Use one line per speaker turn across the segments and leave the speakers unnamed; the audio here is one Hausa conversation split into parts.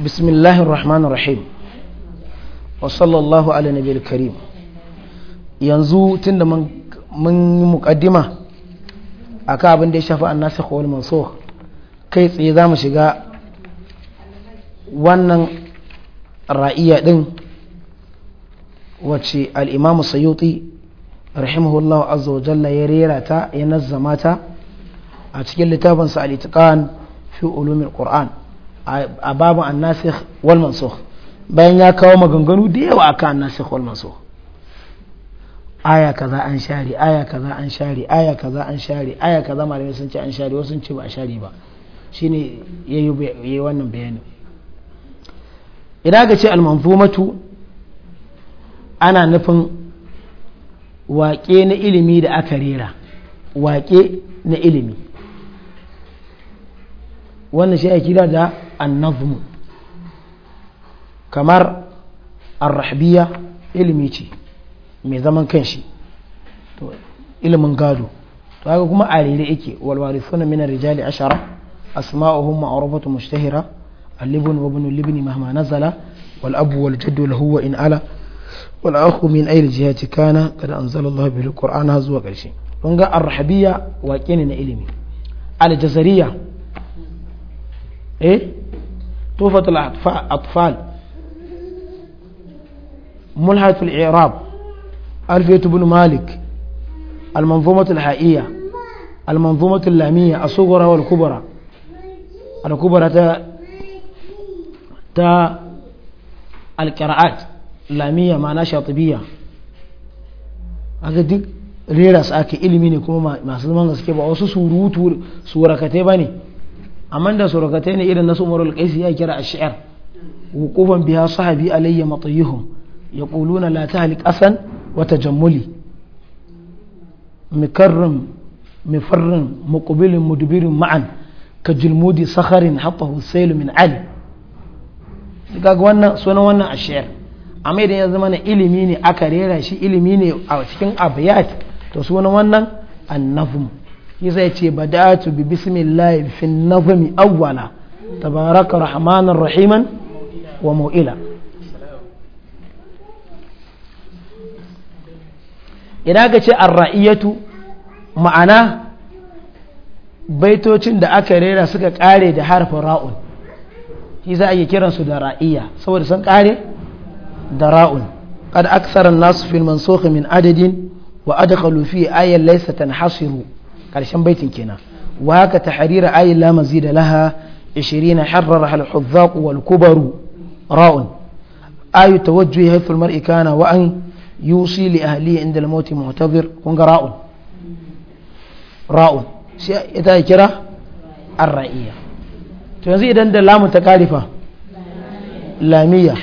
بسم الله الرحمن الرحيم وصلى الله على نبي الكريم ينزو تند من من مقدمة أكا abin da ya shafi annasakh wal mansukh kai tsaye zamu shiga wannan ra'iya din wacce al-Imam Sayyuti rahimahullahu azza wa jalla ya rera ta ya nazzama ta a cikin littafinsa al-Itqan fi ulumil Qur'an a babu annasikh wal mansukh bayan ya kawo maganganu da yawa akan annasikh wal mansukh aya kaza an share aya kaza an share aya kaza an share aya kaza malamai sun ce an share wasu sun ce ba a share ba shine yayi yayi wannan bayanin idan ga ce almanfu matu ana nufin waƙe na ilimi da aka rera waƙe na ilimi wannan shi ya kira da annazmu kamar arrahbiya ilimi ce mai zaman kanshi ilimin gado to haka kuma a rere yake walwari suna mina rijali ashara asma'uhum ma'arufatu mushtahira al-libn wa ibn al-libn mahma nazala wal abu wal jaddu lahu wa in ala wal akhu min ayyi jihati kana kada anzala Allah bil qur'an har zuwa karshe kun ga arhabiyya waƙe ne na ilimi al jazariya eh tufatul atfal mulhatul irab alfiyatu bin malik almanzumatul ha'iyya almanzumatul lamiyya asugura wal kubra al kubra ta ta alqira'at lamiyya ma'ana shatibiyya aka duk rera su ake ilimi ne kuma masu zaman gaske ba wasu surutu ba ne amma da surukatai ne irin nasu umarul qaisi ya kira ash'ar wuqufan biha sahabi alayya matayuhum yaquluna la tahlik asan wa tajammuli mikarrim mifarrin muqbilin mudubirin ma'an ka julmudi sakharin hafahu sailu min ali kaga wannan sunan wannan ash'ar amma idan ya zama na ilimi ne aka rera shi ilimi ne a cikin abiyat to sunan wannan annafum yasa yace ba bi bismillah fi nazmi awwala tabaraka rahmanan rahiman wa mu'ila idan ka ce arra'iyatu ma'ana baitocin da aka rera suka kare da harfin ra'un shi za a yi kiransu da ra'iya saboda sun kare da ra'un kad aksaran nasu fil mansukh min adadin wa adkhalu fi ayan laysa tanhasiru karshen baitin kenan wa haka tahrira ayi la mazid laha 20 harrara al huzzaq wal kubaru ra'un ayu tawajjuhi haythu al mar'i kana wa an yusi li ahli inda al maut mu'tazir kun ga ra'un ra'un sai ita kira ar-ra'iyya to yanzu idan da lamun ta karifa lamiyya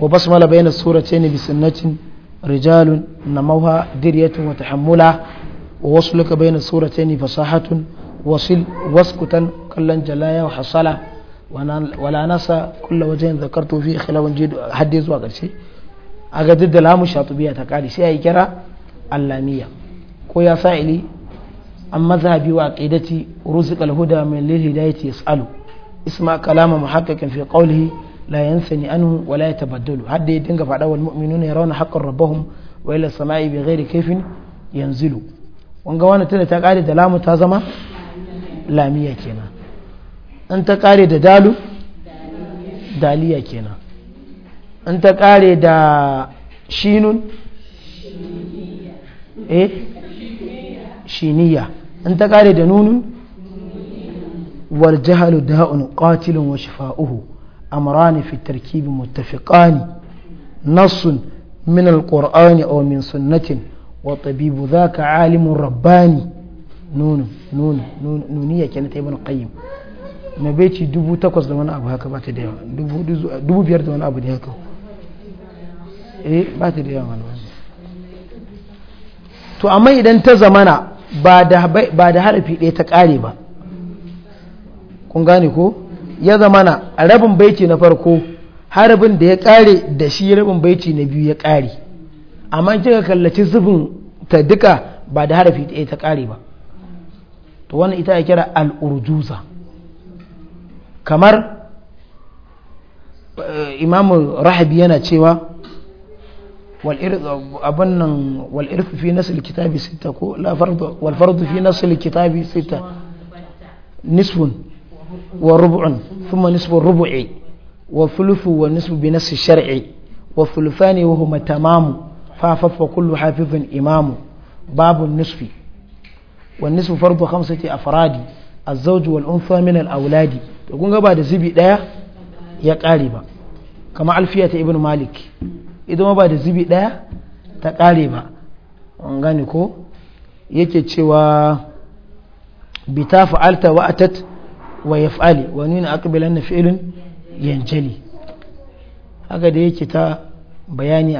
wa basmala bayna suratayn bi sunnatin rijalun namawha diryatun wa tahammula wasu ووصلك بين السورتين فصاحة وصل واسكتا wala nasa وحصلا wajen نسى كل وجه ذكرته فيه خلاف zuwa حديث وقرشي aga daddala shatu shatubiya ta kare sai yi kira allamiya ko ya ili an mazhabi wa aqidati ruziqal huda min lil hidayati yasalu isma kalama muhaqqiqin fi qawlihi la yansani anhu wa la yatabaddalu hadda ya dinga fada wal mu'minuna yarawna haqqan rabbahum wa ila samai bighairi kayfin yanzilu wanga wani tana ta kare da lamu ta zama lamiya kenan in ta kare da dalu daliya kenan in ta kare da shinun eh, shiniya in ta kare da nunun wal jahalu da'un qatilun wa shifa'uhu amrani fi tarkibi muttafiqani nassun min alqur'ani aw min sunnatin وطبيب ذاك عالم رباني نون نون نون نونية كانت ابن قيم na bai ci dubu takwas هكا بات abu haka ba ta da yawa dubu biyar da wani ba ta da yawa to amma idan ta zamana ba da ɗaya ta kun ko ya zamana a rabin baiti na farko harabin da ya ƙare da shi rabin baiti na biyu ya kare. amma kika kallaci zubin ta duka ba da harafi ɗaya ta ƙare ba to wannan ita ya kira al'urjuza kamar eh, imamu rahabi yana cewa abin nan wal'irfi fi nasil kitabi sita ko walfardu fi nasil kitabi sita nisfun wa rubu'un kuma nisfun rubu'i wa fulufu wa nisfu bi nasil shar'i wa fulufani wa huma tamamu فافف فكل حافظ إمام باب النصف والنصف فرض خمسة أفراد الزوج والأنثى من الأولاد تقول بعد زبي ده يا قالبا كما ألفية ابن مالك إذا ما بعد زبي ده تقالبا أنغانيكو yake cewa bita fa'alta wa atat wa ya fa'ali wani na akabilan na fi'ilin yanjali haka da yake ta bayani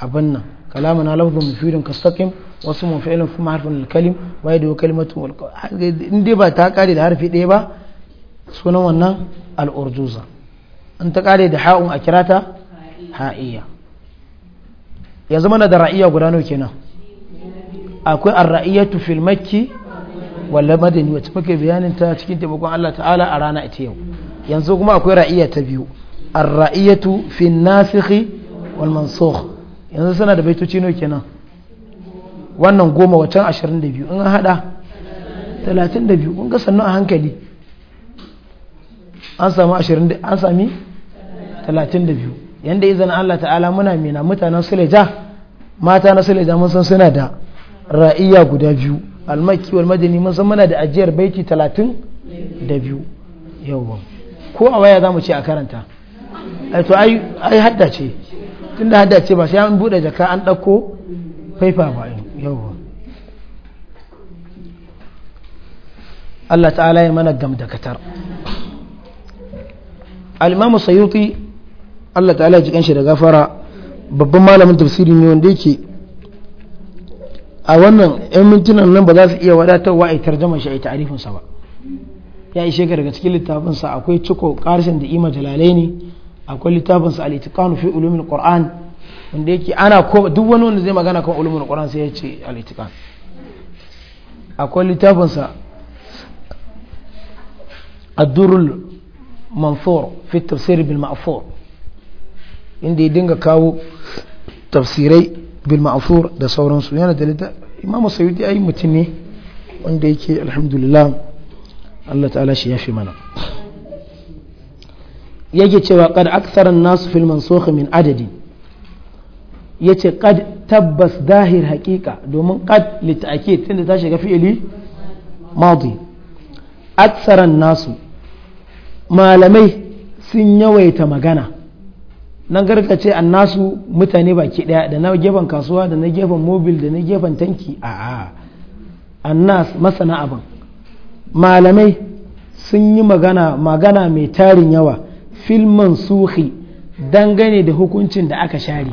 abin nan kalama na lafzu mufidin kastaqim wasu mun kuma harfin kalim wa yadu kalimatu in dai ba ta kare da harfi ɗaya ba sunan wannan alurduza in ta kare da ha'un a kirata ha'iya ya zama na da ra'iya guda nawa kenan akwai ar-ra'iyatu fil makki wal madani wacce muke bayanin ta cikin taimakon Allah ta'ala a rana ita yau yanzu kuma akwai ra'iya ta biyu ar-ra'iyatu fin nasikhi wal mansukh yanzu suna da baitoci nawa kenan wannan goma wacan ashirin da biyu in an haɗa talatin da biyu kun ga sannu a hankali an sami ashirin an sami talatin da biyu yanda izan Allah ta'ala muna mina mutanen suleja mata na suleja mun san suna da ra'iya guda biyu almaki wal madani mun san muna da ajiyar baiti talatin da biyu yawwa ko a waya za mu ce a karanta ai to ai hadda ce tun da hada ce ba sai an buɗe jaka an ɗauko faifa ba yau Allah ta'ala ya mana gam da katar al-imamu sayuti Allah ta'ala ji kanshi da gafara babban malamin tafsiri ne wanda yake a wannan yan mintunan nan ba za su iya wadatarwa a tarjama shi a sa ba ya ishe ka daga cikin littafinsa akwai ciko karshen da ima jalalai ne akwai littafin sa al fi ulumil qur'an wanda yake ana ko duk wani wanda zai magana kan ulumul qur'an sai ya ce al akwai littafin sa ad-durrul manthur fi tafsir bil ma'thur inda ya dinga kawo tafsirai bil ma'thur da sauransu yana da littafin imamu sayyidi ai mutum ne wanda yake alhamdulillah Allah ta'ala shi ya fi mana yake cewa kad aktharan nasu fil mansukh min adadi yace kad tabbas zahir haqiqa domin kad ta'kid tunda ta shiga fi'ili madi aktharan nasu malamai sun yawaita magana nan garka ce an nasu mutane baki daya da na gefen kasuwa da na gefen mobil da na gefen tanki a a annas masana abin malamai sun yi magana magana mai tarin yawa fil mansuhi dangane da hukuncin da aka share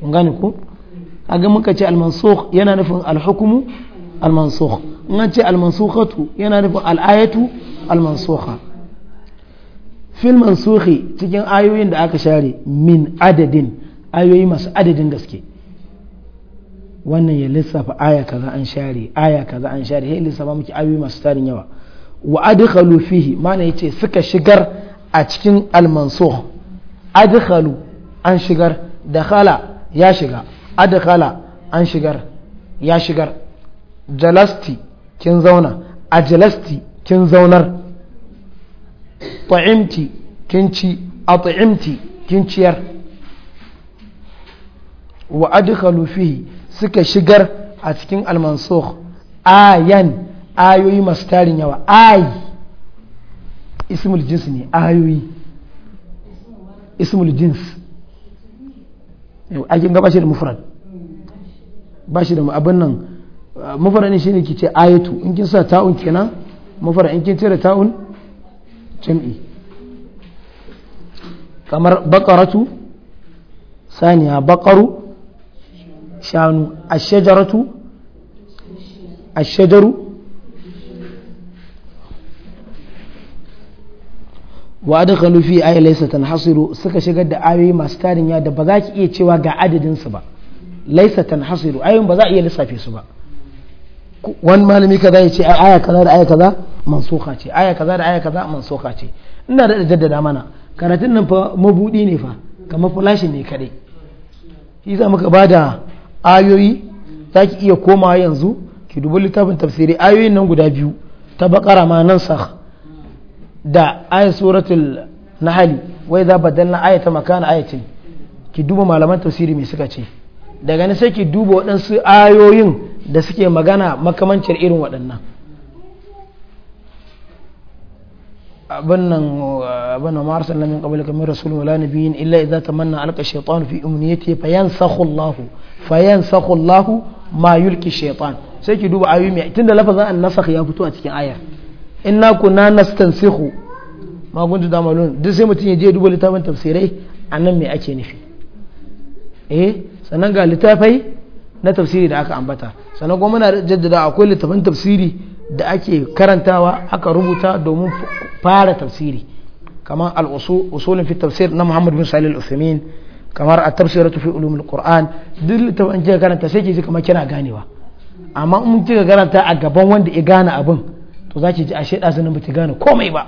kun gane ko aga muka ce al-mansukh yana nufin al-hukmu al-mansukh in an ce al-mansukhatu yana nufin al-ayatu al-mansukha fil mansukhi cikin ayoyin da aka share min adadin ayoyi masu adadin gaske wannan ya lissafa aya kaza an share aya kaza an share sai lissafa muke ayoyi masu tarin yawa wa adkhalu fihi mana yace suka shigar a cikin almansur adkhalu an shigar da dakhala ya shiga adkhala an shigar ya shigar jalasti kin zauna a jalasti kin zaunar ta'imti kin ci a ta'imti kin ciyar wa adkhalu fihi suka shigar a cikin almansur ayan ayoyi masu tarin yawa ayi ismul jins ne ayoyi ismul jins akin ga bashi da mufrad bashi da abin nan shi ah, ne ke ce ayatu in kin sa ta'un kenan mufrad in kin cire ta'un jam'i kamar baqaratu saniya baqaru shanu ash-shajaratu wa adkhalu fi ayati laysa tanhasiru suka shigar da ayoyi masu tarin ya da ba za ki iya cewa ga adadin su ba laysa tanhasiru ayoyin ba za a iya lissafe su ba wani malami kaza ya ce aya kaza da aya kaza mansuka ce aya kaza da aya kaza mansuka ce ina da jaddada mana karatun nan fa mabudi ne fa kamar flashin ne kadai shi za muka bada ayoyi za ki iya komawa yanzu ki dubi littafin tafsiri ayoyin nan guda biyu ta bakara ma nan sa da ayat suratul nahali wai za badalna ayata makana ayatin ki duba malaman tafsiri me suka ce daga nan sai ki duba waɗansu ayoyin da suke magana makamancin irin waɗannan abin nan abin nan ma'arsan lamin qabla kamar rasul wala nabiyyin illa idza tamanna alqa shaytan fi umniyati fayansakhu Allah fayansakhu Allah ma yulki shaytan sai ki duba ayoyi tunda lafazin an nasakh ya fito a cikin ayar inna kuna nastansihu magunta da ta'malun duk sai mutum ya je duba littafin tafsirai nan mai ake nufi eh sannan ga littafai na tafsiri da aka ambata sannan kuma muna jaddada akwai littafin tafsiri da ake karantawa aka rubuta domin fara tafsiri kamar al-usulun fi tafsir na Muhammad bin Salih al-Uthaymeen kamar at-tafsiratu fi ulumul Qur'an duk littafin kika karanta sai ke ji kamar kina ganewa amma in kika karanta a gaban wanda ya gane abin to za ki ji ashe ɗazunan ba ta gane komai ba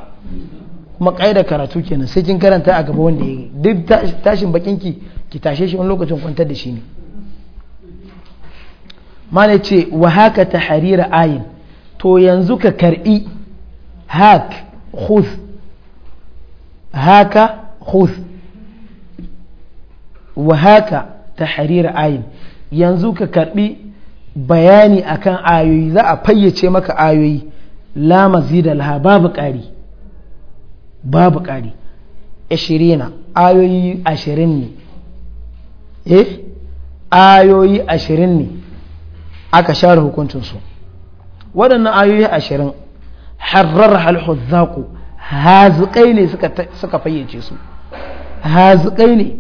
kuma da karatu kenan sai kin karanta a gaba wanda ya duk tashin bakin ki ki tashe shi wani lokacin kwantar da shi ne mana ce wa haka ta harira ayin to yanzu ka karbi hak khus haka khus wa haka ta harira ayin yanzu ka karbi bayani akan ayoyi za a fayyace maka ayoyi la mazida laha babu ƙari babu ƙari ashirina ayoyi ashirin ne eh ayoyi ashirin ne aka share hukuncinsu waɗannan ayoyi ashirin harar halhuzzaku haziƙai ne suka fayyace su haziƙai ne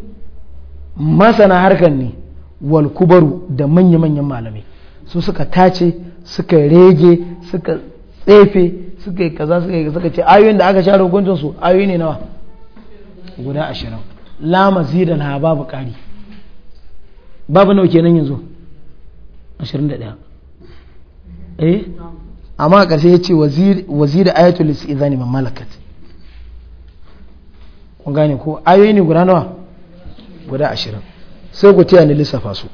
masana harkar ne walkubaru da manya-manyan malamai su suka tace suka rege suka tsefe suka yi kaza suka yi suka ce ayoyin da aka share hukuncin su ayoyi ne nawa guda ashirin la mazidan ha babu kari babu nawa kenan yanzu ashirin da ɗaya eh amma a ƙarshe ya ce wazir ayatul istizani man malakat kun gane ko ayoyi ne guda nawa guda ashirin sai ku tiya ni lissafa su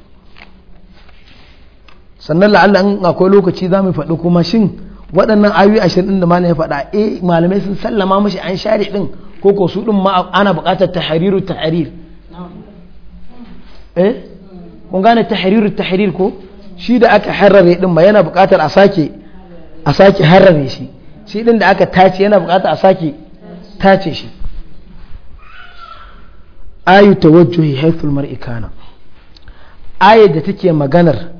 sannan la'alla in akwai lokaci za mu faɗi kuma shin waɗannan ayoyi ashirin ɗin da malam ya faɗa eh malamai sun sallama mashi an share ɗin ko ko su ɗin ma ana buƙatar ta tahrir eh kun gane ta tahrir ko shi da aka harare ɗin ma yana buƙatar a sake a sake harare shi shi ɗin da aka tace yana buƙatar a sake tace shi ayu tawajjuhi haythul mar'i kana ayar da take maganar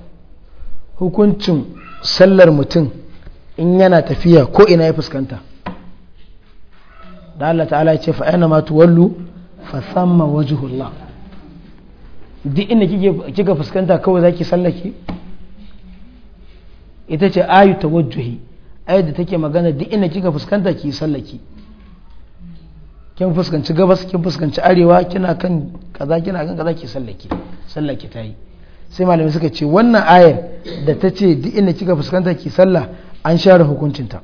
hukuncin sallar mutum in yana tafiya ko ina ya fuskanta da Allah ta'ala ya ce fa aina ma tuwallu fa thamma wajhullah duk inda kike kika fuskanta kawai zaki sallake ita ce ayu tawajjuhi ayat da take magana duk inda kika fuskanta ki sallake kin fuskanci gabas kin fuskanci arewa kina kan kaza kina kan kaza ki sallake sallaki tayi sai malamai suka ce wannan ayar da ta ce duk inda kika fuskanta ki sallah an share hukuncinta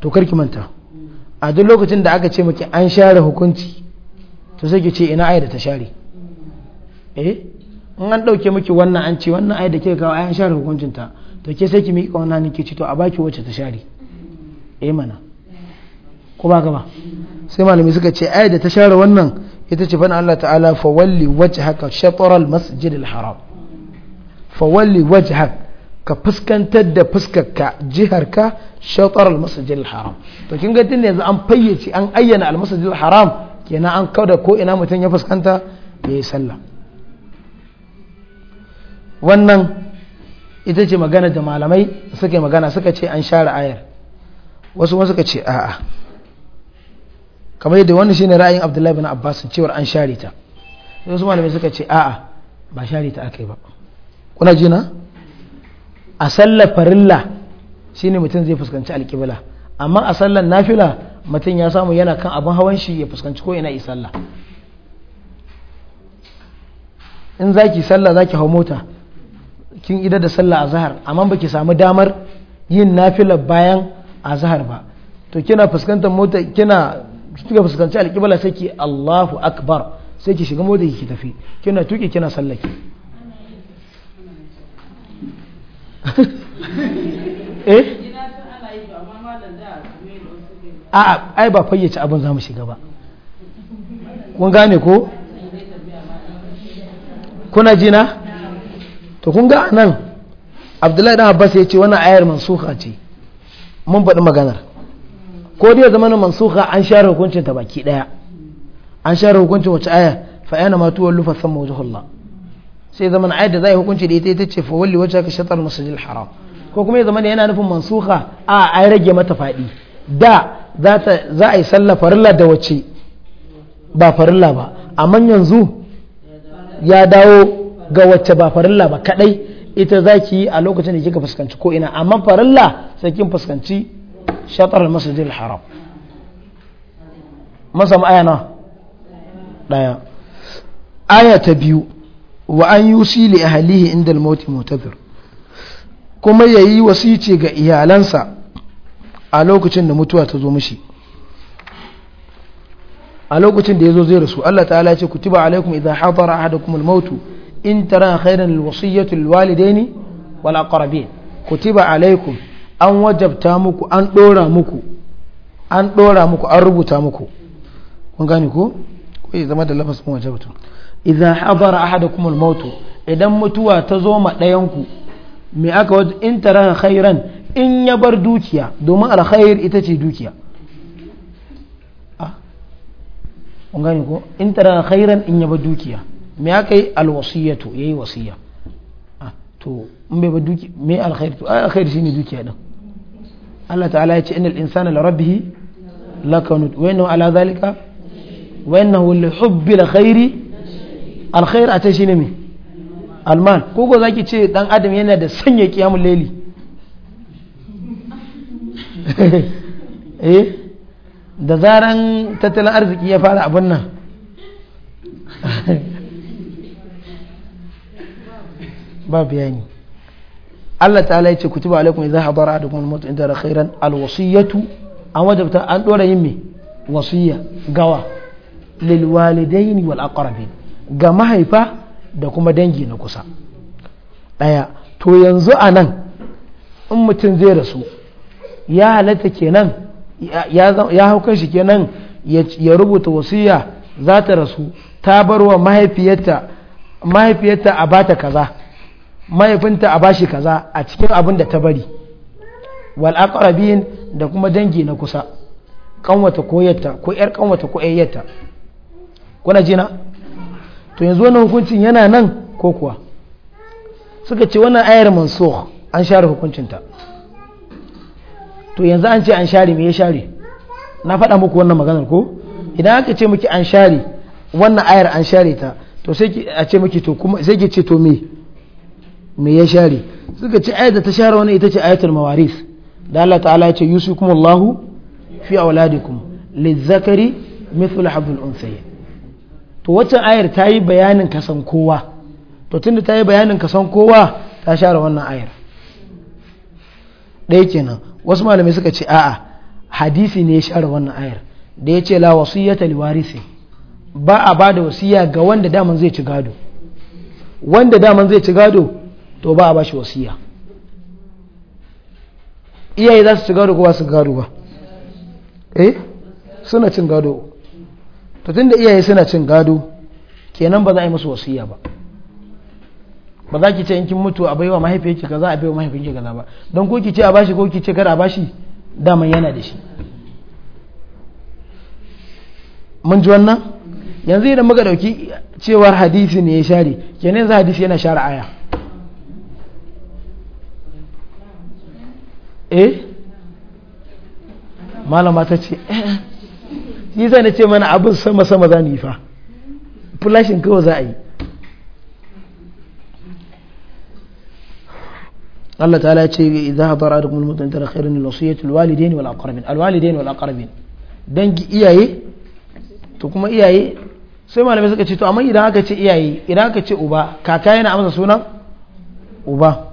to karki manta a duk lokacin da aka ce maki an share hukunci to sai ki ce ina ayar da ta share eh in an dauke miki wannan an ce wannan ayar da ke kawo an share hukuncinta to ke sai ki miƙa wannan ne ki ce to a baki wacce ta share eh mana ko ba gaba sai malami suka ce ayar da ta share wannan ita ce fana Allah ta'ala fa walli wajhaka shatr al-masjid al-haram fa fawalli wajhaka ka fuskantar da fuskarka jiharka shatar almasajil haram to kin ga tunda yanzu an fayyace an ayyana almasajil haram kenan an kauda ko ina mutum ya fuskanta ya yi sallah wannan ita ce magana da malamai suka magana suka ce an share ayar wasu wasu suka ce a'a kamar yadda wannan shine ra'ayin abdullahi bin abbas cewar an share ta wasu malamai suka ce a'a ba share ta aka yi ba kuna jina a sallar farilla shine mutum zai fuskanci alƙibla amma a sallar nafila mutum ya samu yana kan abin hawan shi ya fuskanci ko ina yi sallah in za ki sallah za ki hau mota kin idar da sallah a zahar amma ba ki samu damar yin nafila bayan a zahar ba to kina fuskantar mota kina kika fuskanci alƙibla sai ki Allahu akbar sai ki shiga mota ki tafi kina tuki kina sallaki eh a'a ai ba fayyace abin za mu shiga ba kun gane ko kuna jina to kun ga nan abdullahi dan abbas ya ce wannan ayar mansuha ce mun faɗi maganar ko dai zamanin mansuha an share hukuncin ta baki daya an share hukuncin wace aya fa yana ma tuwallu fa samma wajhullah sai zaman ayyadda da zai hukunci da ita ita ce fa walli wajhaka shatr masjidil haram ko kuma ya zama yana nufin mansuha a an rage mata faɗi da za a yi sallah farilla da wace ba farilla ba amma yanzu ya dawo ga wacce ba farilla ba kadai ita za ki yi a lokacin da kika fuskanci ko ina amma farilla sai kin fuskanci shatar masjidil haram masam aya na daya aya ta biyu wa an yusi li ahlihi inda al-maut mutazir kuma yayi wasici ga iyalansa a lokacin da mutuwa ta zo mishi a lokacin da yazo zai rasu Allah ta'ala ya ce kutiba alaikum idha hadara ahadakum al-maut in tara khairan al-wasiyyatu lil-walidaini wal aqrabin kutiba alaikum an wajabta muku an dora muku an dora muku an rubuta muku kun gane ko ko zama da lafazin wajabtu idza hadara ahadakum kuma maut idan mutuwa ta zo ma ɗayan ku aka wato in taraha khairan in ya bar dukiya domin alkhair ita ce dukiya ah, kun gane ko in khairan in ya bar dukiya me aka yi alwasiyatu yi wasiya ah, to in bai bar dukiya me alkhair to alkhair ne dukiya din Allah ta'ala ya ce innal insana rabbihi la lakanut wa innahu ala zalika wa innahu li hubbil khairi alkhair a ta shi ne me alman koko za zaki ce dan adam yana da sanya kiyamun laili eh da zaran tattalin arziki ya fara abin nan ba bayani Allah ta'ala ya ce kutuba alaikum idza hadara ahadukum al-maut inda tara khairan al an wajabta an dora yin mai wasiya gawa lil walidaini wal aqrabin ga mahaifa da kuma dangi na kusa ɗaya to yanzu a nan in mutum zai rasu ya halatta kenan ya hau shi kenan ya rubuta wasiya za ta rasu ta bar wa mahaifiyarta a ba ta kaza mahaifinta a bashi kaza a cikin abin da ta bari wal da kuma dangi na kusa kanwata ko yatta ko yar kanwata ko yayyata kuna jina to yanzu wannan hukuncin yana nan ko kuwa suka ce wannan ayar mansukh an share hukuncin ta to yanzu an ce an share me ya share na faɗa muku wannan maganar ko idan aka ce miki an share wannan ayar an share ta to sai a ce miki to kuma sai ki ce to me me ya share suka ce ayar da ta share wannan ita ce ayatul mawaris da Allah ta'ala ya ce yusukumullahu fi auladikum lizakari mithlu hablil unsayayn to waccan ayar ta yi bayanin kasan kowa to tunda ta yi bayanin kasan kowa ta share wannan ayar ɗaya kenan wasu malamai suka ce a'a hadisi ne ya share wannan ayar da ya ce la wasiyyata liwarisi ba a ba da wasiya ga wanda daman zai ci gado wanda daman zai ci gado to ba a ba shi wasiya iyaye za su ci gado ko ba su gado ba eh suna cin gado to tunda iyaye suna cin gado kenan ba za a yi musu wasiya ba ba za ki ce in kin mutu a baiwa mahaifiyarki kaza a baiwa mahaifiyarki kaza ba don ko ki ce a bashi ko ki ce kar a bashi dama yana da shi mun ji wannan yanzu idan muka dauki cewar hadisi ne ya share kenan yanzu hadisi yana share aya eh malama ta ce eh shi zai na ce mana abin sama sama za mu yi fa flashin kawai za a yi Allah ta'ala ya ce idza hadara adukum al-mautu tara khairun al-wasiyatu al-walidayn wal aqrabin al-walidayn wal aqrabin dangi iyaye to kuma iyaye sai malamai suka ce to amma idan aka ce iyaye idan aka ce uba kaka yana amsa sunan uba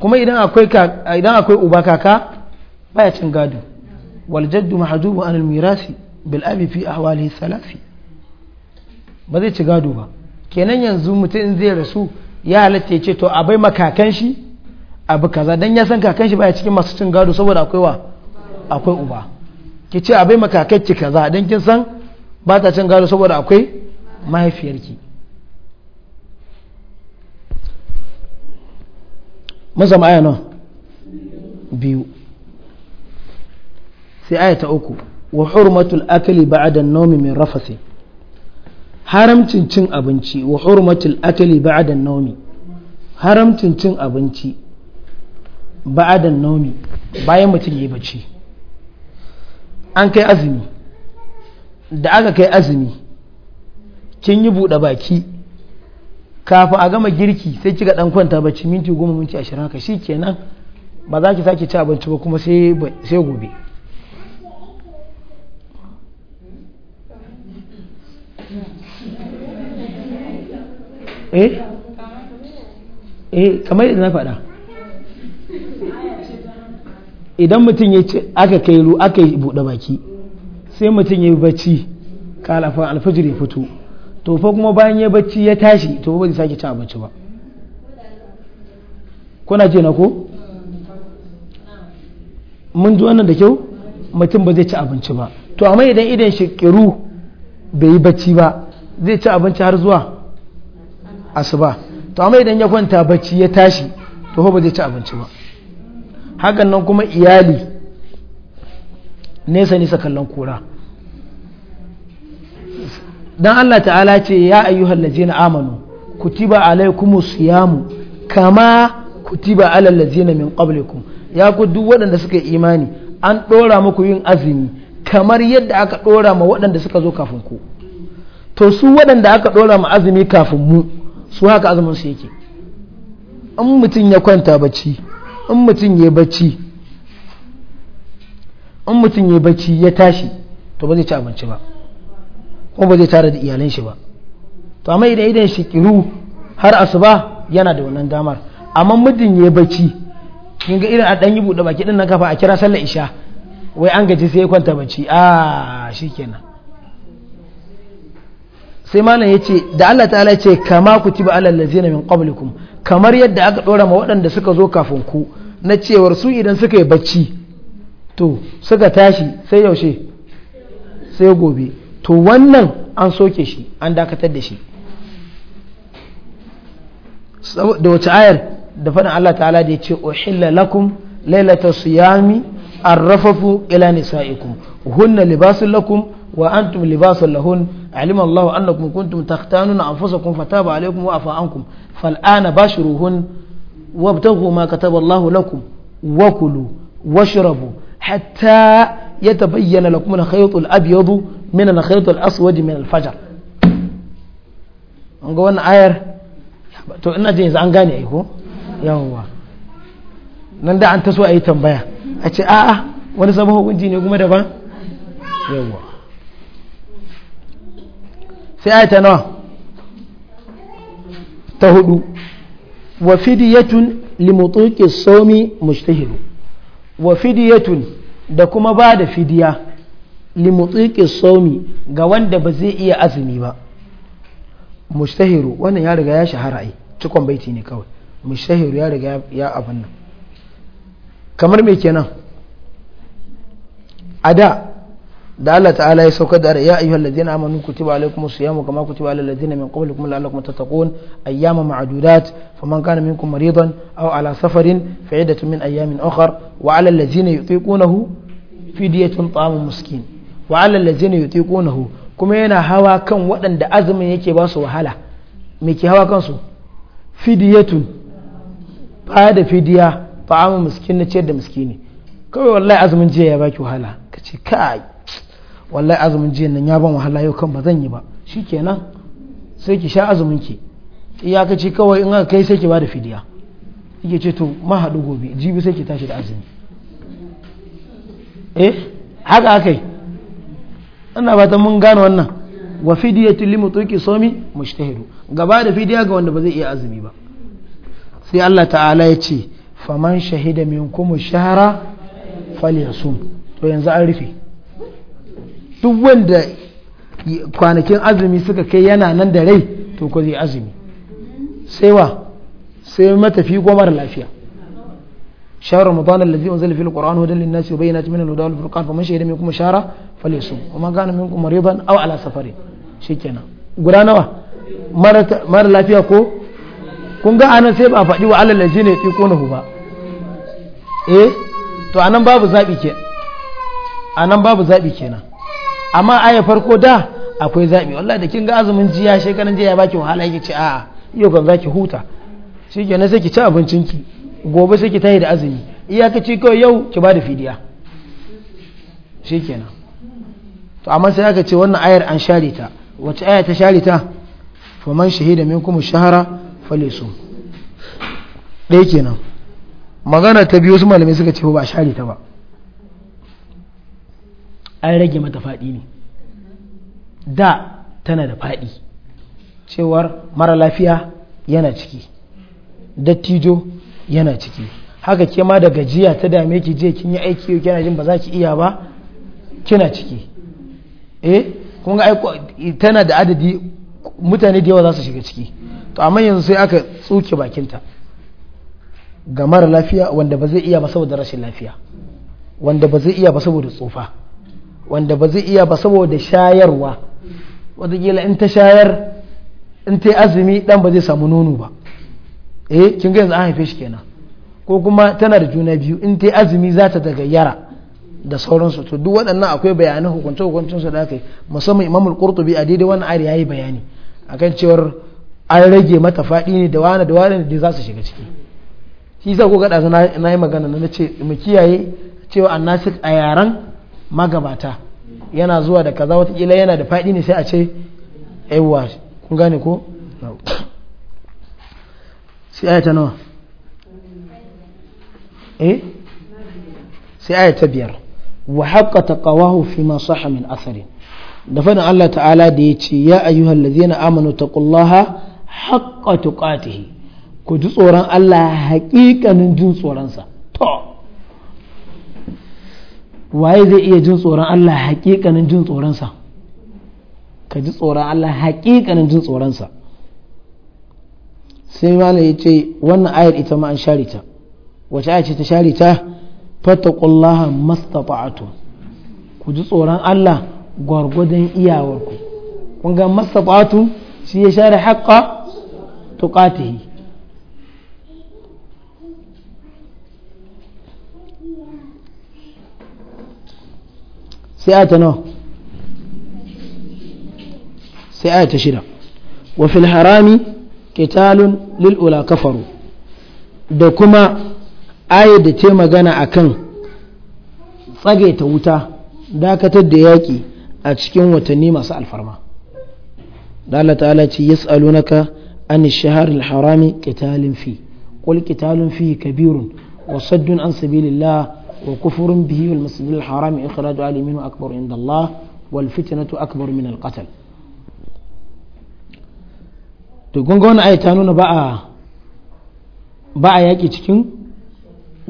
kuma idan akwai idan akwai uba kaka baya cin gado wal jaddu mahjubu an al-mirasi bil'abi fi ahwalihi salafi ba zai ci gado ba kenan yanzu mutum in zai rasu ya halatta ya ce to a bai makakan shi abu kaza dan ya san kakan shi baya cikin masu cin gado saboda akwai wa akwai uba ki ce a bai makakan ki kaza dan kin san ba ta cin gado saboda akwai mahaifiyarki mun samu aya nan biyu sai aya ta uku wa hurmatul akali ba'da an min rafasi haramcin cin abinci wa hurmatul ba'da an haramcin cin abinci ba'da an bayan mutum yayi bacci an kai azumi da aka kai azumi kin yi buɗe baki kafin a gama girki sai kika dan kwanta bacci minti minti kenan ba za ki sake ci abinci ba kuma sai gobe eh eh kamar yadda na faɗa idan mutum ya ce aka kai ru aka yi buɗe baki sai mutum ya yi bacci kalafa alfajir ya fito to fa kuma bayan ya bacci ya tashi to ba zai sake cin abinci ba kuna ji na ko mun ji wannan da kyau mutum ba zai ci abinci ba to amma idan idan shi kiru bai yi bacci ba zai ci abinci har zuwa asuba to amma idan ya kwanta bacci ya tashi to ba zai ci abinci ba hakan nan kuma iyali nesa nisa kallon kura dan Allah ta'ala ce ya ayyuhal ladzina amanu kutiba alaikumus siyamu kama kutiba alal ladzina min qablikum ya ku duk waɗanda suka imani an ɗora muku yin azumi kamar yadda aka ɗora ma waɗanda suka zo kafin ku to su waɗanda aka ɗora ma azumi kafin mu su haka azumin su yake in mutum ya kwanta bacci in mutum ya bacci in mutum ya bacci ya tashi to ba zai ci abinci ba ko ba zai tare da iyalan shi ba to amma idan idan shi kiru har asuba yana da wannan damar amma mutum ya bacci kin ga irin a dan yi bude baki din nan kafa a kira sallar isha wai an gaji sai ya kwanta bacci a ah, shikenan sai malam ya ce da Allah ta'ala ce kama ku tiba alal lazina min qablikum kamar yadda aka dora ma waɗanda suka zo kafin ku na cewar su idan suka yi bacci to suka tashi sai yaushe sai gobe to wannan an soke shi an dakatar da shi da wace ayar da faɗin Allah ta'ala da ya ce uhilla lakum lailata siyami arrafafu ila nisa'ikum hunna libasul lakum wa antum libasul lahun علم الله أنكم كنتم تختانون أنفسكم فتاب عليكم وعفى عنكم فالآن باشروهن وابتغوا ما كتب الله لكم وكلوا واشربوا حتى يتبين لكم الخيط الأبيض من الخيط الأسود من الفجر an ga wani ayar to ina jin yanzu an gane aiko yawwa nan da an taso a yi tambaya a ce a'a wani sabon hukunci ne kuma daban yawwa sai aya ta nawa ta hudu wa fidiyatun limutuki somi mustahiru wa fidiyatun da kuma ba da fidiya limutuki somi ga wanda ba zai iya azumi ba mustahiru wannan ya riga ya shahara ai cikon baiti ne kawai mustahiru ya riga ya abin nan kamar me kenan a da da Allah ta'ala ya saukar da ya ayyuhal ladina amanu kutiba alaykum siyamu kama kutiba alal ladina min qablikum la'allakum tattaqun ayyama ma'dudat faman kana minkum maridan aw ala safarin fa iddatun min ayyamin ukhra wa 'ala alladhina yutiqunahu fidyatun ta'amu miskin wa 'ala alladhina yutiqunahu kuma yana hawa kan waɗanda azumin yake ba su wahala me ke hawa kansu fidiyatun ba da fidiya ta'amu miskin na ciyar da miskini kawai wallahi azumin jiya ya baki wahala kace kai wallahi azumin jiya nan ya ban wahala yau kan ba zan yi ba shi kenan sai ki sha azumin ki iyakaci kawai in aka kai sai ki bada fidiya yake ce to ma haɗu gobe jibi sai ki tashi da azumi eh haka yi ina fatan mun gane wannan wa fidiyatul limutuki somi mujtahidu gaba da fidiya ga wanda ba zai iya azumi ba sai Allah ta'ala ya ce faman shahida minkum shahara falyasum to yanzu an rufe duk wanda kwanakin azumi suka kai yana nan da rai to ko zai azumi sai wa sai matafi ko mara lafiya شهر رمضان الذي انزل فيه القران هدى للناس وبينات من الهدى والفرقان فمن شهد منكم شهرا فليصوم ومن كان منكم مريضا او على سفر shikenan guda nawa mara lafiya ko kun ga anan sai ba faɗi wa alal ne ya ko nahu ba eh to anan babu zaɓi ke anan babu zaɓi kenan amma aya farko da akwai zaɓi wallahi da kin ga azumin jiya shekaran jiya ya baki wahala yake ce a'a yau kan zaki huta shi kenan sai ki ci abincin ki gobe sai ki tahi da azumi iyakaci kawai yau ki ba da fidiya shi nan to amma sai aka ce wannan ayar an share ta wace aya ta share ta man shahida minkum shahara falisu ɗaya kenan magana ta biyu su malamai suka ce ba a share ta ba an rage mata faɗi ne da tana da faɗi cewar mara lafiya yana ciki dattijo yana ciki haka ke ma da gajiya ta dame ki je kin yi aiki yau kina jin ba za ki iya ba kina ciki eh kun ga tana da adadi mutane da yawa za su shiga ciki to amma yanzu sai aka tsuke bakinta ga mara lafiya wanda ba zai iya ba saboda rashin lafiya wanda ba zai iya ba saboda tsufa wanda ba zai iya ba saboda shayarwa wataƙila in ta shayar in ta azumi dan ba zai samu nono ba eh kin ga yanzu an haife shi kenan ko kuma tana da juna biyu in ta azumi za ta yara da sauransu to duk waɗannan akwai bayanan hukunce hukuncin su da aka yi musamman imamul qurtubi a daidai wannan ari yayi bayani akan cewar an rage mata faɗi ne da wani da wani da za su shiga ciki shi yasa ko ga na yi magana na ce mu kiyaye cewa annasik a yaran magabata yana zuwa da kaza watakila yana da faɗi ne sai a ce aiwa kun gane ko sai aya ta nawa eh sai aya ta biyar wa haqqa taqawahu fi ma sahha min athari da faɗin Allah ta'ala da ya ce ya ayyuhal ladzina amanu taqullaha haqqa ku ji tsoron Allah haƙiƙanin jin tsoronsa to waye zai iya jin tsoron Allah haƙiƙanin jin tsoronsa ka ji tsoron Allah haƙiƙanin jin tsoronsa sai mala ya ce wannan ayar ita ma an sharita wacce wace ce ta share ta fattaqullaha mastata'tum ku ji tsoron Allah gwargwadon iyawarku kun ga mastata'tum shi ya share haƙa tuƙatihi sai a ta nawa sai a ta shida wa harami lil kafaru da kuma ayat da ta magana akan tsagaita wuta dakatar da yaƙi a cikin watanni masu alfarma da Allah ta'ala ce yas'alunaka an shahar harami qitalin fi qul qitalun fihi kabirun wasaddun an sabilillah وكفر به والمسجد الحرام إخراج آل منه أكبر عند الله والفتنة أكبر من القتل تقول قولنا آية تانون بقى بقى يأتي تكين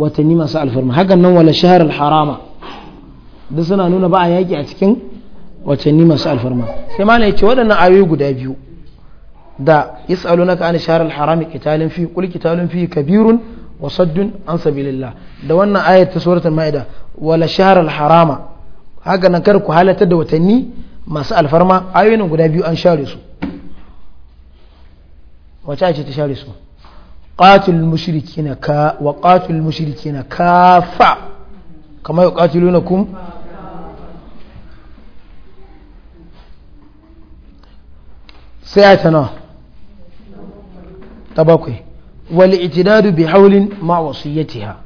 وتنيما سأل فرما هكا نوال الشهر الحرام da suna nuna ba a yaƙi a cikin watanni masu alfarma sai malai ce waɗannan ayoyi guda biyu da yas'alunaka an shahr al-haram qitalun fi qul qitalun fi kabirun wa an sabilillah da wannan ayat ta suratul maida wala shahrul harama haka nan kar ku halatar da watanni masu alfarma ayoyin guda biyu an share su wace ce ta share su qatil mushrikina ka wa qatil mushrikina kafa kama yuqatilunakum sai ayata nawa ta bakwai والإتداد بحول مع وصيتها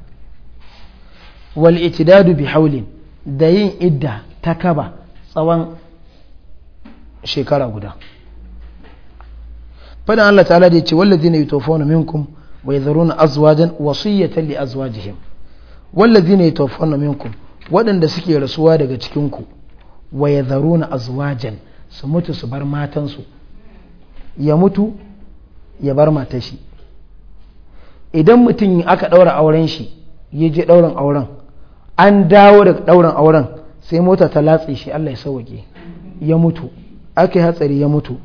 والإتداد بحول دين إدى تكبا سواء شكرا قدا فدعا الله تعالى ديتي والذين يتوفون منكم ويذرون أزواجا وصية لأزواجهم والذين يتوفون منكم waɗanda suke rasuwa daga cikinku wa ya zaro na azwajan su mutu su bar matansu ya mutu ya bar matashi idan mutum aka ɗaura auren shi ya je ɗaurin auren an dawo daga ɗaurin auren sai mota ta latsi shi Allah ya sauke ya mutu aka yi hatsari ya mutu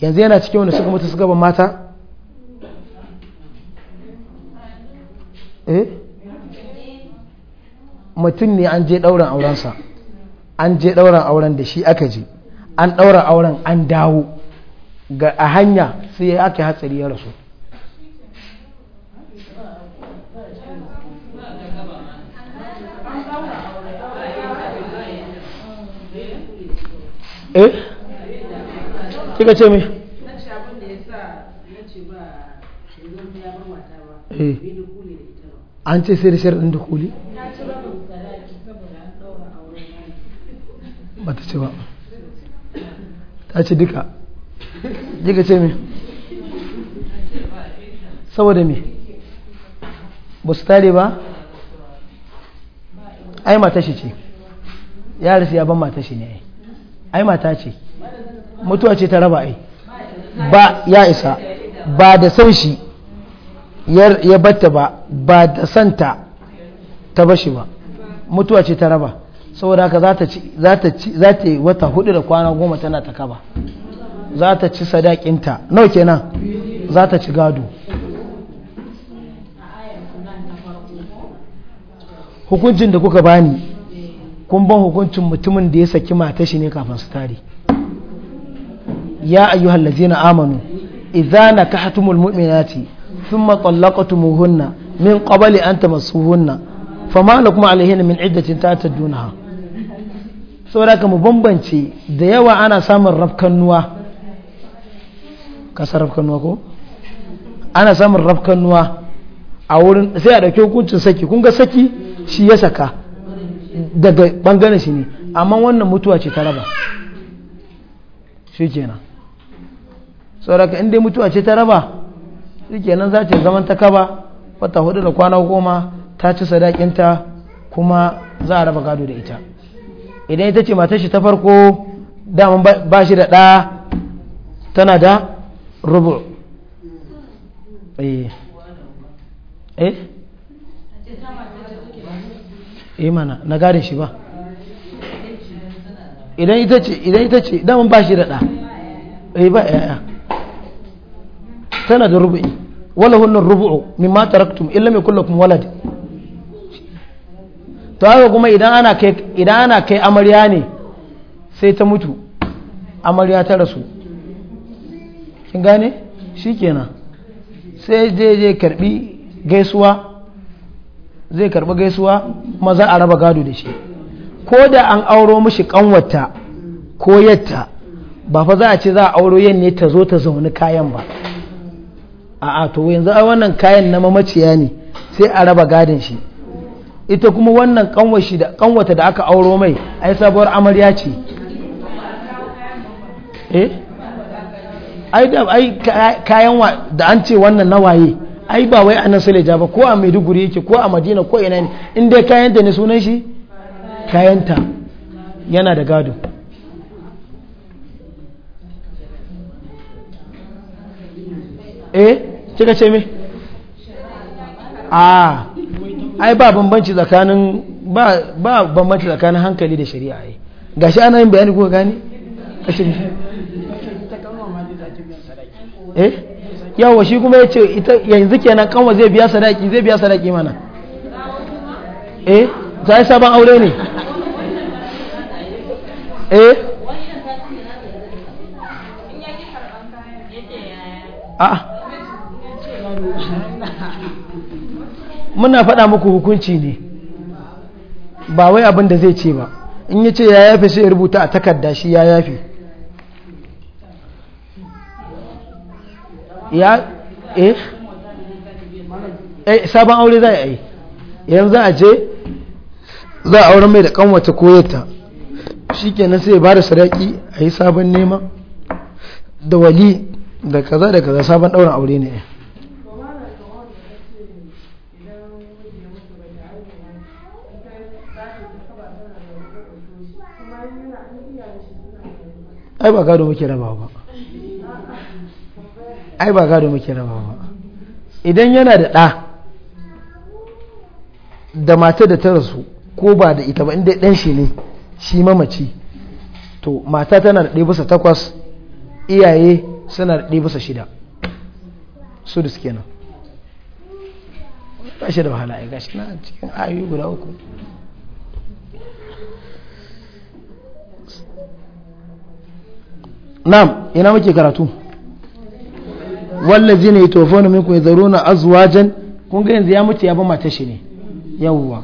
yanzu yana cikin wanda suka mutu su gaba mata eh mutum ne an je ɗaurin aurensa an je ɗaurin auren da shi aka je an ɗaura auren an dawo ga a hanya sai aka yi hatsari ya rasu eh kika ce me eh. an ce sai da sharadin da kuli ba ta ce ba ta ce duka jika ce me saboda mai ba su tare ba ai matashi ce ya ya ban matashi ne ai ai mata ce mutuwa ce ta raba ai ba ya isa ba da san shi ya batta ba ba da santa ta bashi ba mutuwa ce ta raba saboda haka za ta yi wata hudu da kwana goma tana ta kaba za ta ci sadakinta nawa kenan za ta ci gado hukuncin da kuka bani kun ban hukuncin mutumin da ya saki mata shi ne kafin su tare ya ayyuhal ladzina amanu idza nakahtumul mu'minati thumma talaqtumuhunna min qabli an tamassuhunna fama lakum alayhinna min iddatin ta'tadunaha saboda ka mu bambance da yawa ana samun rafkannuwa kasar rafkannuwa ko ana samun rafkannuwa a wurin sai a dauke hukuncin saki kun ga saki shi ya saka daga bangaren shi ne amma wannan mutuwa ce ta raba shi kenan tsoraka inda mutuwa ce ta raba shi kenan za ce zaman ta kaba wata hudu da kwana goma ta ci sadakinta kuma za a raba gado da ita idan ita ce matar shi ta farko daman ba shi da ɗa tana da rubu eh, eh? imana eh na gane shi ba idan ita ce idan ita ce daman ba shi da ɗa eh ba yaya tana da rubu'i wala hunnan rubu'u mimma taraktum illa mai kullakum walad to haka kuma idan ana kai idan ana kai amarya ne sai ta mutu amarya ta rasu kin gane shikenan sai je je karbi gaisuwa zai karɓi gaisuwa kuma za a raba gado da shi ko da an auro mishi kanwata ko yatta ba fa za a ce za a auro yan ne ta zo ta zaune kayan ba a'a to yanzu a wannan kayan na mamaciya ne sai a raba gadon shi ita kuma wannan da kanwata da aka auro mai ai sabuwar amarya ce eh ai da ai kayan da an ce wannan na waye. ai ba wai a nan ja ba ko a maiduguri yake ko a madina ko ina ne in dai kayanta ne sunan shi kayanta yana da gado eh kika ce me a ai ba bambanci tsakanin ba bambanci tsakanin hankali da shari'a ai gashi ana yin bayani kuka gani ashirin eh? shi kuma ya ce yanzu kenan kanwa zai biya sadaki zai biya sadaki mana eh za yi sabon aure ne eh a muna faɗa muku hukunci ne ba wai abin da zai ce ba in ya ce ya yafe sai ya rubuta a takarda shi ya yafe ya eh? eh sabon aure za a yi yanzu a je za a aure mai da kanwata koyarta shi kenan sai ba da sadaki a yi sabon nema da wali da kaza da kaza sabon ɗaurin aure ne ai ba gado muke rabawa ba ai ba gado muke raba ba idan yana da ɗa da mata da ta rasu ko ba da ita ba inda ɗan shi ne shi mamaci to mata tana da ɗaya bisa takwas iyaye suna da ɗaya bisa shida su da suke nan ba shi da wahala ya gashi na cikin ayoyi guda uku nam ina muke karatu wallazina yatawaffawna minkum na azwajan kun ga yanzu ya mutu ya ba mata shi ne yawwa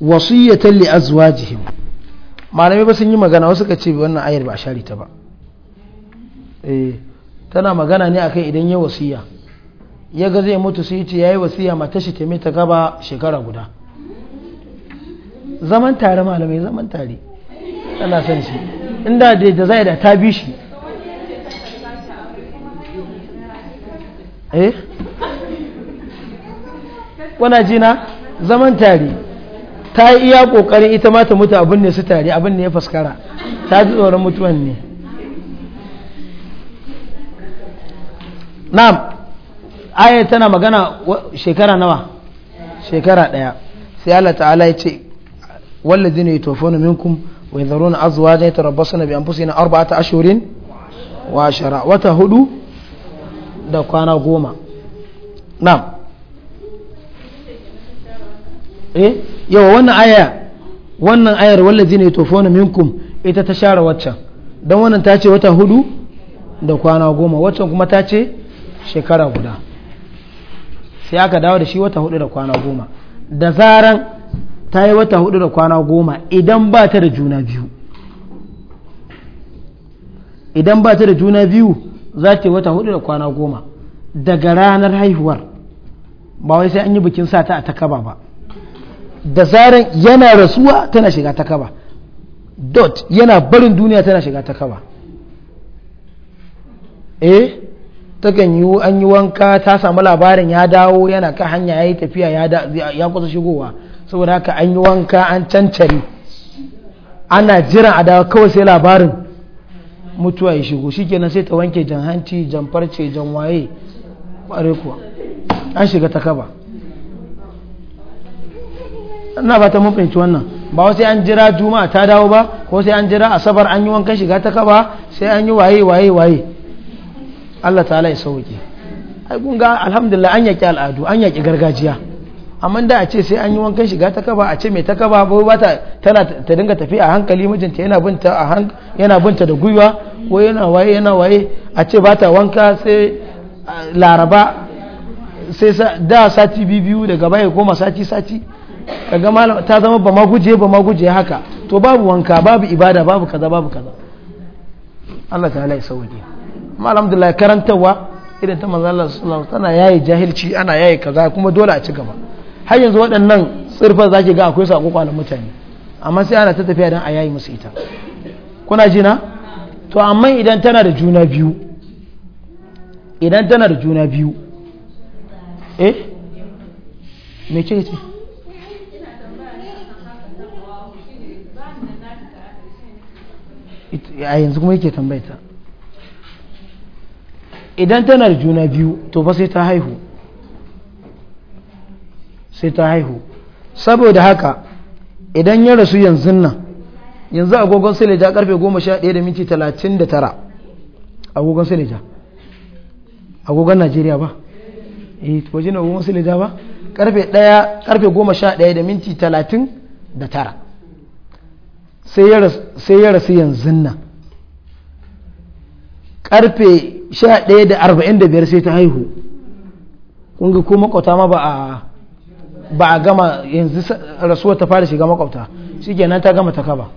wasiyatan li azwajihim malamai ba sun yi magana wasu ka ce wannan ayar ba a share ta ba eh tana magana ne akan idan ya wasiya ya ga zai mutu sai ce yayi wasiya mata shi mai ta gaba shekara guda zaman tare malamai zaman tare tana san shi inda da zai da ta bi shi eh wana jina zaman tari ta yi iya kokari ita ma ta mutu abin ne su tari abin ne ya faskara ta ji tsoron mutuwan ne na'am aya tana magana shekara nawa shekara daya sai Allah ta'ala ya ce wallazina yatawafuna minkum wa yadharuna azwajan yatarabbasuna bi anfusina arba'ata ashhurin wa ashara wata hudu da kwana goma na'am eh yawa wannan aya wannan ayar wallazi ne tofona minkum ita ta share waccan don wannan ta ce wata hudu da kwana goma waccan kuma ta ce shekara guda sai aka dawo da shi wata hudu da kwana goma da zaran ta yi wata hudu da kwana goma idan ba ta da juna biyu idan ba ta da juna biyu za ta wata hudu da kwana goma daga ranar haihuwar ba wai sai an yi bikin sata a takaba ba da zaran yana rasuwa tana shiga takaba dot yana barin duniya tana shiga takaba eh takan yi an yi wanka ta samu labarin ya dawo yana ka hanya ya yi tafiya ya kusa shigowa saboda haka an yi wanka an cancari ana jiran a dawo kawai sai labarin mutuwa ya shigo shikenan sai ta wanke jan hanci jan farce jan waye ƙware kuwa an shiga ta kaba ina ba ta mafinci wannan ba wasu an jira juma'a ta dawo ba ko sai an jira asabar an yi wankan shiga ta kaba sai an yi waye waye waye Allah ta'ala ya sauke ai kun ga alhamdulillah an yaƙi al'adu an yaƙi gargajiya amma da a ce sai an yi wankan shiga ta kaba a ce mai ta kaba ba ba ta tana ta dinga tafi a hankali mijinta yana binta a hank yana binta da gwiwa ko yana waye yana waye a ce ba ta wanka sai laraba sai da sati biyu daga baya goma sati sati kaga malam ta zama ba ma guje ba ma guje haka to babu wanka babu ibada babu kaza babu kaza Allah ta'ala ya sauke amma alhamdulillah karantawa irin ta manzo Allah sallallahu alaihi wasallam tana yayi jahilci ana yayi kaza kuma dole a ci gaba har yanzu waɗannan tsirfar zaki ga akwai saƙo kwanan mutane amma sai ana ta tafiya don a yayi musu ita kuna jina to amma idan tana da juna biyu idan tana da juna biyu eh me ce ce a yanzu kuma yake tambayta idan tana da juna biyu to ba sai ta haihu sai ta haihu saboda haka idan ya rasu yanzu nan yanzu agogon sileja karfe 11:39 da minti agogon sileja agogon najeriya ba eh wajen agogon sileja ba karfe 1 karfe 11 da minti sai ya rasu yanzu nan karfe 11:45 da sai ta haihu kunga ko makwata ma ba a ba a gama yanzu rasuwar ta fara shiga makwabta shikenan ta gama ta kaba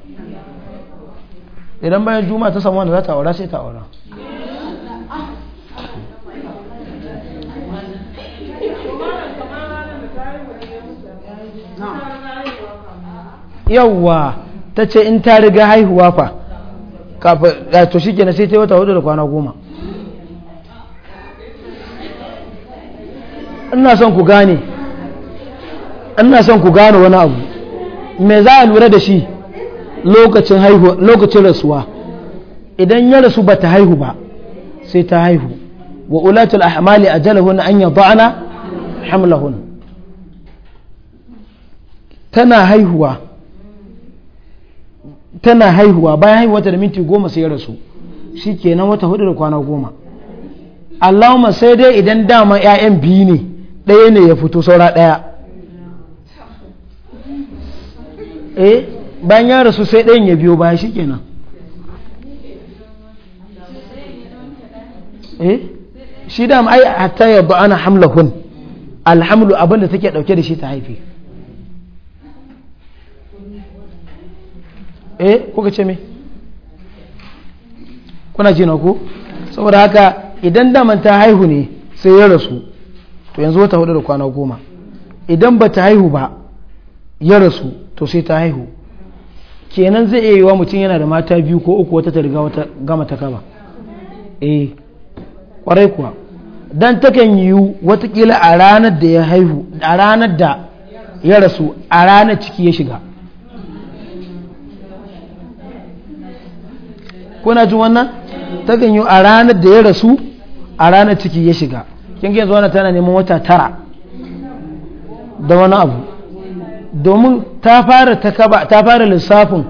idan bayan juma ta samu wanda za ta aura sai ta aura yawwa ta ce in ta riga haihuwa fa kafin to shikenan sai ta yi wata hudu da kwana goma ina son ku gane ina son ku gano wani abu me za a lura da shi lokacin rasuwa idan ya rasu ba ta haihu ba sai ta haihu wa ulatul ahmali ajalahun an yadana hamlahun tana haihuwa tana haihuwa bayan haihuwata da minti goma sai ya rasu shi kenan wata hudu da kwana goma allahumma sai dai idan dama 'ya'yan biyu ne ɗaya ne ya fito saura ɗaya Eh, bayan ya rasu sai ɗayan ya biyo baya shikenan eh shi da ai hatta ya ba ana hamlahun alhamlu abinda take dauke da shi ta haifi eh kuka ce me kuna ji na ku saboda haka idan daman ta haihu ne sai ya rasu to yanzu wata hudu da kwana goma idan ba ta haihu ba ya rasu to sai ta haihu kenan zai iya yiwa mutum yana da mata biyu ko uku wata ta riga wata gama ta kama eh kwarai kuwa dan takan yiwu watakila a ranar da ya haihu a ranar da ya rasu a ranar ciki ya shiga kuna jin wannan takan yiwu a ranar da ya rasu a ranar ciki ya shiga kin yanzu wannan tana neman wata tara da wani abu domin ta fara lissafin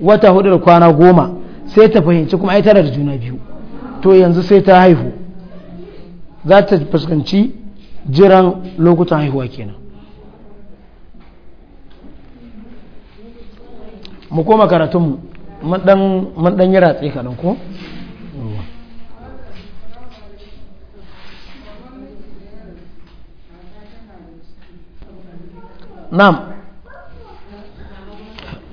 wata hudu da kwana goma sai ta fahimci kuma ai tana da juna biyu to yanzu sai ta haihu za ta fuskanci jiran lokutan haihuwa kenan mu koma karatunmu mun dan yi ratse kaɗan ko? na'am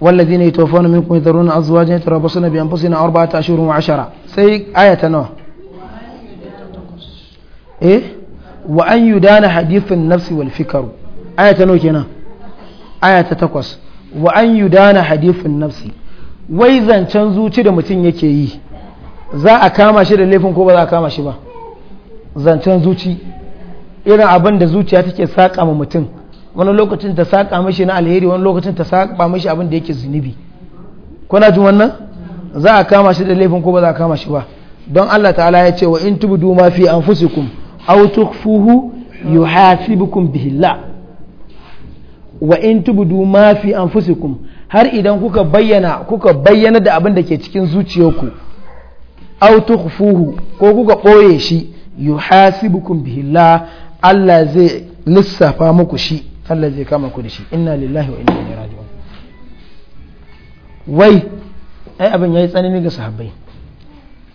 والذين يتوفون منكم يذرون أزواجا يتربصن بأنفسنا أربعة أشهر وعشرة سي آية نوح إيه وأن يدان حديث النفس والفكر آية نوح هنا آية تقص وأن يدان حديث النفس وإذا تنزو تد متن يكي za a kama shi da laifin ko ba za a kama shi ba zancen zuci irin abin da zuciya take saƙa ma mutum wani lokacin ta saƙa mashi na alheri wani lokacin ta saƙa mashi abin da yake zunubi kuna jin wannan za a kama shi da laifin ko ba za a kama shi ba don Allah ta'ala ya ce wa in tubu ma fi tukfuhu yu hafi bukun bihila wa in tubu ma fi kum har idan kuka bayyana kuka bayyana da abin da ke cikin zuciyarku au tukfuhu ko kuka ɓoye shi yu bukun bihila Allah zai lissafa muku shi Allah zai kama ku da shi inna lillahi wa inna ilaihi raji'un wai ai abin yayi tsanani ga sahabbai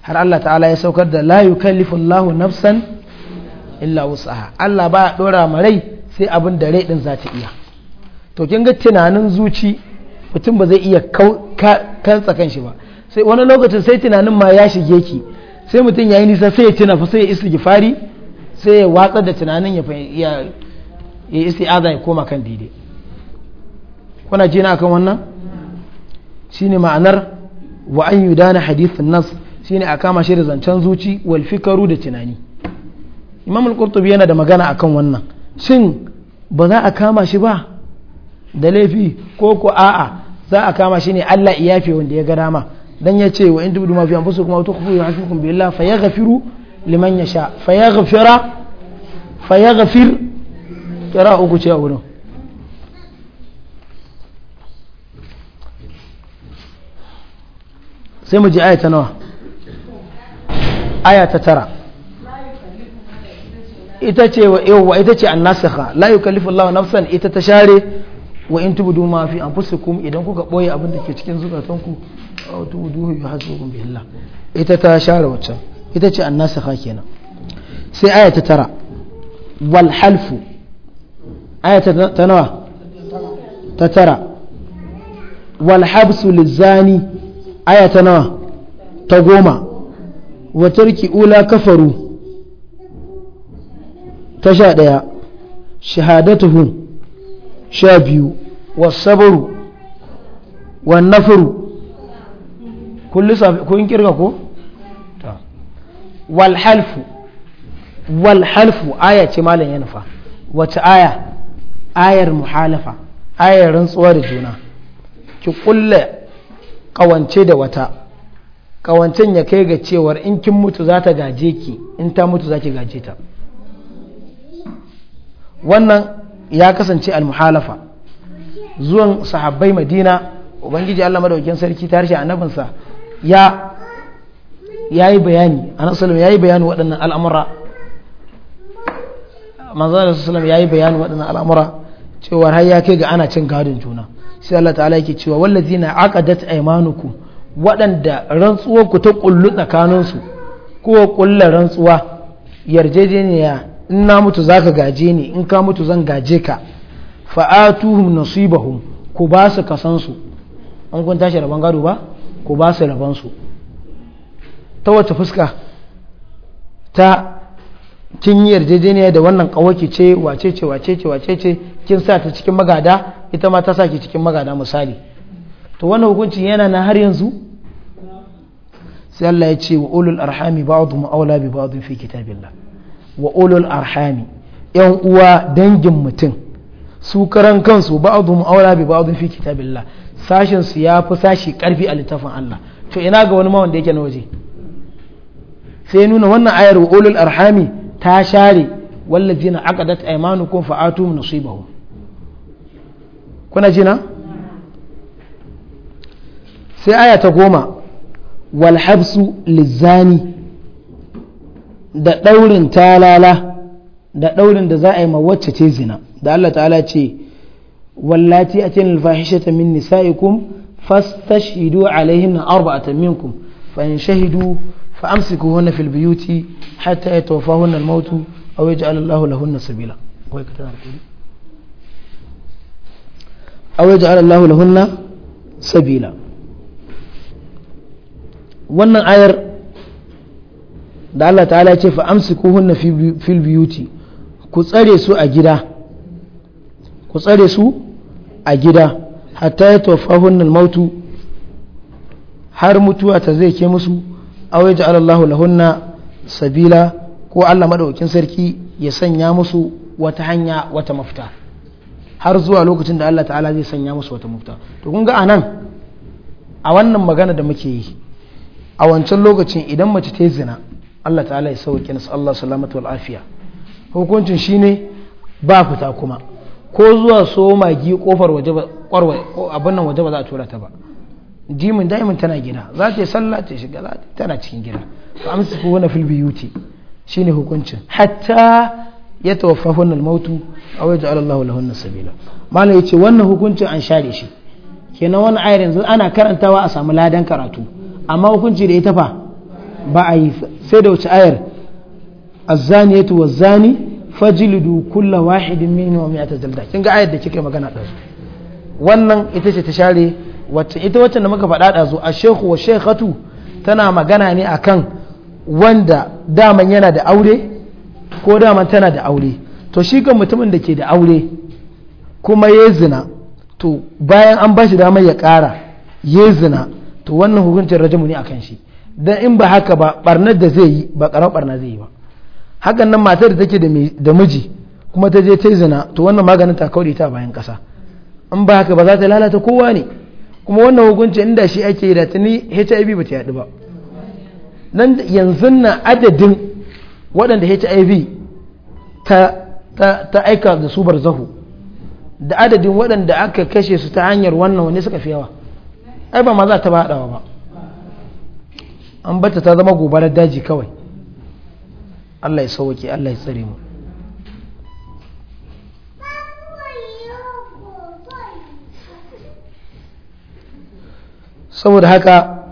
har Allah ta'ala ya saukar da la yukallifu Allahu nafsan illa wusaha Allah ba dora ma rai sai abin da rai din za ta iya to kin ga tunanin zuci mutum ba zai iya kantsa kan shi ba sai wani lokacin sai tunanin ma ya shige ki sai mutum yayi nisa sai ya tuna fa sai ya istighfari sai ya watsar da tunanin ya ya isti'aza ya koma kan daidai kuna jina kan wannan shine ma'anar wa an yudana hadithin nas shine a kama shi da zancen zuci wal fikaru da tunani imam al-qurtubi yana da magana akan wannan shin ba za a kama shi ba da laifi ko ko a'a za a kama shi ne Allah iyafe wanda ya ga dama dan ya ce wa in tubudu ma fi anfusikum kufu ya yuhasibukum billah fayaghfiru liman yasha fayaghfira fayaghfir kira uku ce a wurin sai mu ji aya ta nawa aya ta tara ita ce wa yawwa ita ce annasakha la yukallifu Allahu nafsan ita ta share wa in tubudu ma fi anfusikum idan kuka boye abin da ke cikin zukatanku aw tubuduhu yuhasibukum billah ita ta share wacce ita ce annasakha kenan sai aya ta tara wal halfu aya ta nawa ta tara wal habsu lizani aya ta nawa ta goma wa turki ula kafaru ta sha ɗaya shahadatuhum sha biyu wasabaru wan nafaru kun kirga malam ya nufa wace aya ayar muhalafa ayar rantsuwa da juna ki kulle kawance da wata kawancen ya kai ga cewar in kin mutu za ta gaje ki in ta mutu za ki gaje ta wannan ya kasance almuhalafa zuwan sahabbai madina ubangiji allah madaukin sarki ta harshe annabinsa ya ya yi bayani anasalam ya yi bayani waɗannan al'amura manzana da ya yi bayani waɗannan al'amura cewa har ya kai ga ana cin gadon juna sai Allah ta'ala yake cewa wallazina aqadat aymanukum waɗanda rantsuwar ku ta kullu tsakanin su ko kullar rantsuwa yarjejeniya in na mutu zaka gaje ni in ka mutu zan gaje ka fa'atuhum nasibahum ku ba su kasan su an kun tashi rabon gado ba ku ba su rabon su ta wace fuska ta kin yi yarjejeniya da wannan kawaki ce wace ce wace ce wace ce kin sa ta cikin magada ita ma ta sa ki cikin magada misali to wannan hukuncin yana na har yanzu sai Allah ya ce wa ulul arhami ba'dhum aula bi ba'dhin fi kitabillah wa ulul arhami yan uwa dangin mutum su karan kansu ba'dhum aula bi ba'dhin fi kitabillah sashin su yafi sashi karfi a littafin Allah to ina ga wani ma wanda yake na waje sai nuna wannan ayar wa ulul arhami ta share wallazina aqadat aymanukum fa'atum nasibahum kuna jina sai aya ta goma wal habsu lizani da daurin talala da daurin da za a yi ma wacce ce zina da Allah ta'ala ce wallati atin alfahishata min nisa'ikum fastashhidu alaihinna arba'atan minkum fa in shahidu فأمسكوهن في البيوت حتى يتوفاهن الموت أو يجعل الله لهن سبيلا أو يجعل الله لهن سبيلا wannan ayar da Allah ta'ala ya ce fa amsikuhunna fil biyuti ku tsare su a gida ku tsare su a gida hatta ya mautu har mutuwa ta zai ke musu aw yaj'al Allahu lahunna sabila ko Allah maɗaukin sarki ya sanya musu wata hanya wata mafita har zuwa lokacin da Allah ta'ala zai sanya musu wata mafita to kun ga anan a wannan magana da muke yi a wancan lokacin idan mace ta zina Allah ta'ala ya sauke nasu Allah salamatu wal afiya hukuncin shine ba fita kuma ko zuwa so magi kofar waje abin nan waje ba za a tura ta ba jimin daimin tana gida za ta yi sallah ta shiga tana cikin gida fa amsiku wa fil biyuti shine hukuncin hatta ya tawaffahun al-mautu aw yaj'al Allahu lahun sabila malai ce wannan hukuncin an share shi kenan wani ayar yanzu ana karantawa a samu ladan karatu amma hukunci da ita fa ba a yi sai da wace ayar az-zaniyatu waz-zani fajlidu kulla wahidin minhum mi'ata jalda kin ga ayar da kike magana ɗazu wannan ita ce ta share wacce ita wacce da muka faɗa ɗazu a shehu wa shekatu tana magana ne a kan wanda daman yana da aure ko daman tana da aure to shi kan mutumin da ke da aure kuma ya zina to bayan an bashi damar ya ƙara ya zina to wannan hukuncin rajamu ne a kan shi Don in ba haka ba barnar da zai yi ba ƙarar barna zai yi ba hakan nan matar da take da miji kuma ta je ta zina to wannan maganin ta kaure ta bayan ƙasa in ba haka ba za ta lalata kowa ne kuma wannan hukunci inda shi ake yi da tuni hiv ba ta yaɗu ba nan yanzu na adadin waɗanda hiv ta aika da su bar zahu, da adadin waɗanda aka kashe su ta hanyar wannan wani suka fi yawa ai ba ma za ta haɗawa ba an bata ta zama gobarar daji kawai allah ya sauke allah ya tsare mu saboda haka